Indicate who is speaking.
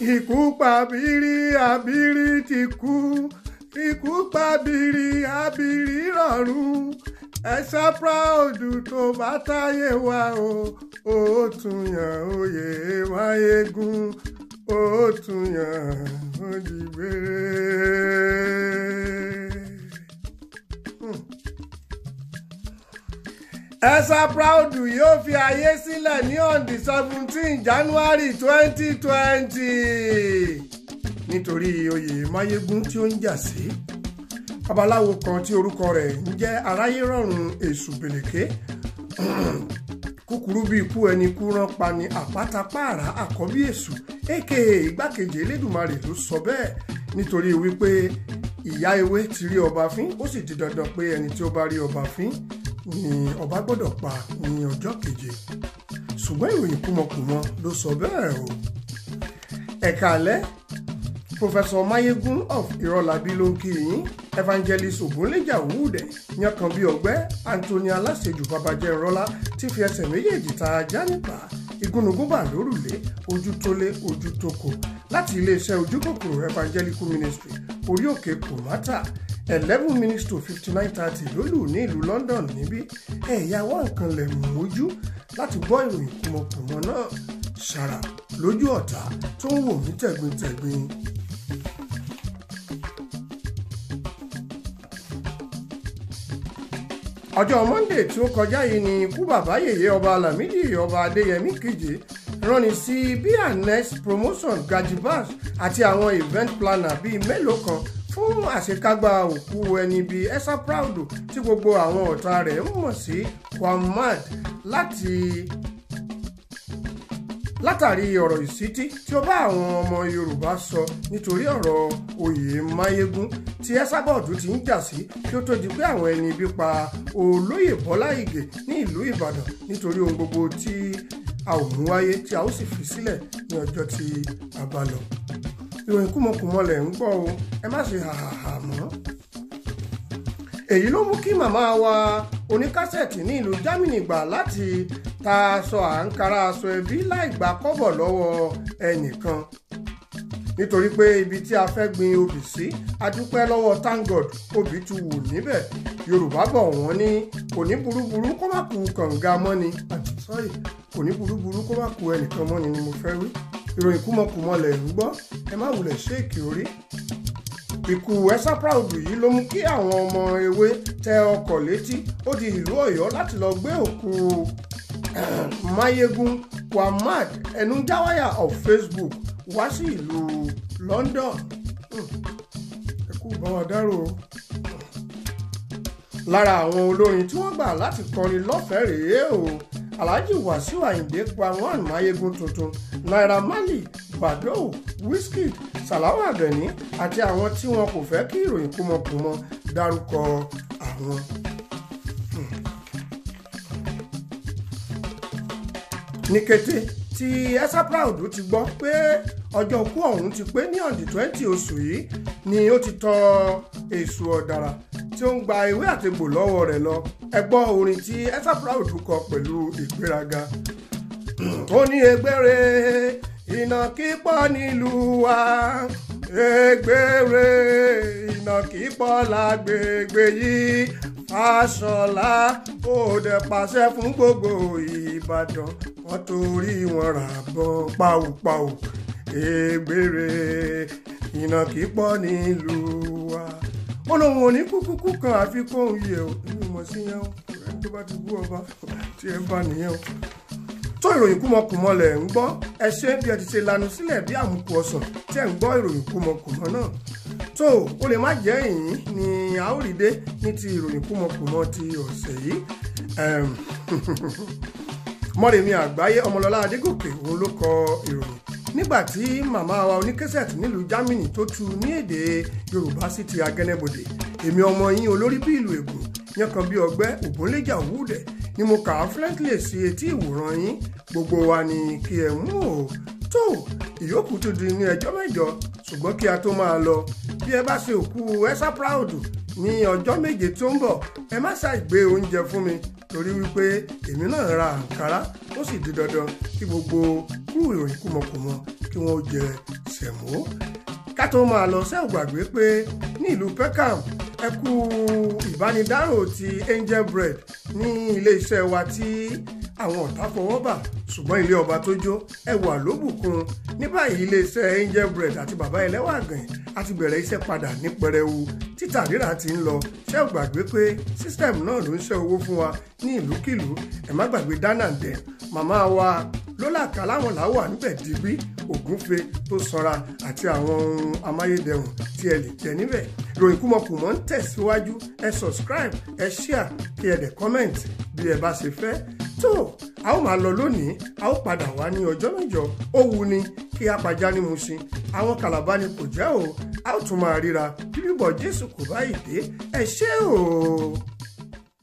Speaker 1: ikú pabiri abiri ti kú ikú pabiri abiri rọ̀rùn ẹ sá púráùdù tó bá táyé wa o ó tún yàn oyè máyégún ó tún yàn ó dìgbére ẹ̀sà proud yóò fi ààyè sílẹ̀ ní on the seventeen january twenty twenty nítorí oyè mayegun tí ó ń jà sí babaláwo kan tí orúkọ rẹ̀ ń jẹ́ aráyé rọ̀rùn èṣù bèlèké kúkúrú bíi ikú ẹni kú rán pa ni àpáta pààrà àkọ́bí èṣù aka igbákejì elédùnmarè ló sọ bẹ́ẹ̀ nítorí wípé ìyá ewé ti rí ọba fín ó sì di dandan pé ẹni tí ó bá rí ọba fín ni ọba gbọ́dọ̀ pa ní ọjọ́ keje ṣùgbọ́n ìròyìn kúmọkùmọ ló sọ bẹ́ẹ̀ o ẹ̀ka alẹ́ Professor Mayegun of Irolabi ló ń kí Evangelist Ogunleja Owódé yankan bíi ọgbẹ́ Anthony Aláṣejù Babajẹ́nrọ́lá ti fi ẹsẹ̀ méjèèjì ta ajá nípa igúnnugúnbà lórùlé ojú tó lé ojú tó láti iléeṣẹ́ ojúkòkòrò Evangelical Ministry orí òkè Kòmátà eleven minutes to fifty nine thirty ló lù ní ìlú London níbí ẹ̀yà wá nǹkan lẹ̀ mú ojú láti gbọ́ ìròyìn kùmọ̀kùmọ̀ náà ṣàrà lójú ọ̀tá tó ń wò mí tẹ̀gbintẹ̀gbin. ọjọ́ Monday tí ó kọjá yìí ni ikú bàbá yèyé ọba Lámídì ọba Adéyẹmí keje ránni sí bí annex promotion Gajibas, àti àwọn event planner bíi mélòó kan fún àṣekágbá òkú ẹni bíi Esa Proud tí gbogbo àwọn ọ̀tá rẹ̀ ń mọ̀ sí Quamad láti látàrí ọ̀rọ̀ ìsítí tí ó bá àwọn ọmọ Yorùbá sọ nítorí ọ̀rọ̀ oyè máyégún tí Ẹsábọ̀dù ti ń jà sí kí ó tó di pé àwọn ẹni ibi pa olóyè Bọ́lá Ìgè ní ìlú Ìbàdàn nítorí ohun gbogbo tí a ò mú wáyé tí a ó sì fi sílẹ̀ ní ọjọ́ tí a bá lọ ìròyìn kùmọ̀kùmọ̀ lẹ̀ ń gbọ́ o ẹ má ṣe hàhàhà mọ́. èyí ló mú kí màmá wa oníkásẹ̀tì ní ìlú Germany gbà láti ta aṣọ àǹkárá aṣọ ẹbí láì gba kọ́bọ̀ lọ́wọ́ ẹnìkan nítorí pé ibi tí a fẹ́ gbin obì sí a dúpẹ́ lọ́wọ́ thank God obì ti wù níbẹ̀ Yorùbá bọ̀ wọ́n ní kò ní burúburú kó má ku kànga mọ́ni sorry kò ní burúburú kó má ku ẹnìkan mọ́ni ni mo fẹ́ wí ìròyìn kúmọkùmọ lẹ̀ ń gbọ́ ẹ má wulẹ̀ ṣéèkì orí. ìkú Esabod yìí ló mú kí àwọn ọmọ ewé tẹ ọkọ̀ létí ó di ìlú Ọ̀yọ́ láti lọ gbé òkú Mayegun ehm, Muhammad Enujawaya of Facebook wá sí ìlú London. Hmm, ẹ kú bá wa dárò o lára àwọn olórin tí wọ́n gbà láti kọrin lọ́fẹ̀ẹ́ rèé o Alhaji Wasiu Ayinde pa one Mayegun tuntun naira marley badoo wizkid salawa àgbẹ̀ní àti àwọn tí wọn kò fẹ́ kí ìròyìn kúmọkùmọ dárúkọ àwọn. Hmm. ní kété tí Esabod ti gbọ́ pé ọjọ́ òkú ọ̀hún ti pé ní ọ̀dì twenty oṣù yìí ni ó ti tọ èṣù ọ̀dàrà tí ó ń gba ewé àtegbò lọ́wọ́ rẹ̀ lọ ẹ orin tí Esabod kọ pẹ̀lú ìgbéraga. E ó ní egbére ìnàkí pọ̀ nílùú wa egbére ìnàkí pọ̀ lágbègbè yìí fàṣọlá òde pàṣẹ fún gbogbo ìbàdàn wọn torí wọn rà bọ pàwùpàwù egbére ìnàkí pọ̀ nílùú wa ó lóun ò ní kúkúkú kan àfi kóun yẹ o èmi mọ̀ sí yẹn o ẹni tó bá ti bú ọba tí ẹ bá nìyẹn o tó ìròyìn kúmọkùmọ lẹ̀ ń gbọ́ ẹ ṣe bí ẹ ti ṣe lanu sílẹ̀ bí àmukù ọsàn tí ẹ ń gbọ́ ìròyìn kúmọkùmọ náà tó o lè má jẹ́ ìyín ni a ó rí dé ní ti ìròyìn kúmọkùmọ ti ọ̀sẹ̀ yìí mọ́rẹ̀mí àgbáyé ọmọlọ́lá adégòkè òun ló kọ ìròyìn nígbà tí màmá wa oníkẹ́sẹ̀tì nílùú germany tó tu ní èdè yorùbá sí ti agẹ́nẹ́bodè èmi ọmọ yín olórí bí ìlú ègùn yẹn kan bí ọgbẹ́ ògúnlẹ́jà òwúdẹ̀ ni mo kà á flatly sí etí ìwòran yín gbogbo wa ni kí ẹ mú o tó ìyókù tó di ní ẹjọ́ mẹ́jọ ṣùgbọ́n kí a tó máa lọ bí ẹ bá ṣe òkú ẹsà proud ní ọjọ́ méje tó ń bọ̀ ẹ má ṣàìgbé oúnjẹ fún mi torí wípé èmi náà ra àǹkárá ó sì di dandan kí gbogbo kúrò ìròyìn kùmọ̀kùmọ̀ kí wọ́n jẹ sẹ̀mó ká tó máa lọ ṣé ò gbàgbé pé ní ìlú Peckham ẹ kú ìbánidárò ti angel bread ní ilé iṣẹ́ wa tí àwọn ọ̀tá fọwọ́ bà ṣùgbọ́n ilé ọba tó jó ẹwà ló bùkún ní báyìí ilé iṣẹ́ angel bread àti bàbá ẹlẹ́wà àgàn àti bẹ̀rẹ̀ iṣẹ́ padà ní pẹrẹwu títà rírà ti ń lọ ṣé ò gbàgbé pé system náà ló ń ṣe owó fún wa ní ìlúkìlú ẹ má gbàgbé dáná dẹ màmá wa lólàkà láwọn làwà níbẹ̀ dìbí ògúnfe tó sanra àti àwọn ohun amáyédẹrùn tí ẹ lè jẹ níbẹ̀ ìròyìn kúmọkùmọ ń tẹ̀síwájú ẹ subscribe ẹ share kí ẹ dẹ̀ comment bí ẹ bá ṣe fẹ́ tó a ó máa lọ lónìí a ó padà wá ní ọjọ́ mẹ́jọ ó wu ni kí a pàjá ní musin àwọn kàlàbá ni kò jẹ́ o a ó tún máa ríra bíbọ̀ jésù kò bá ìdè ẹ ṣé o.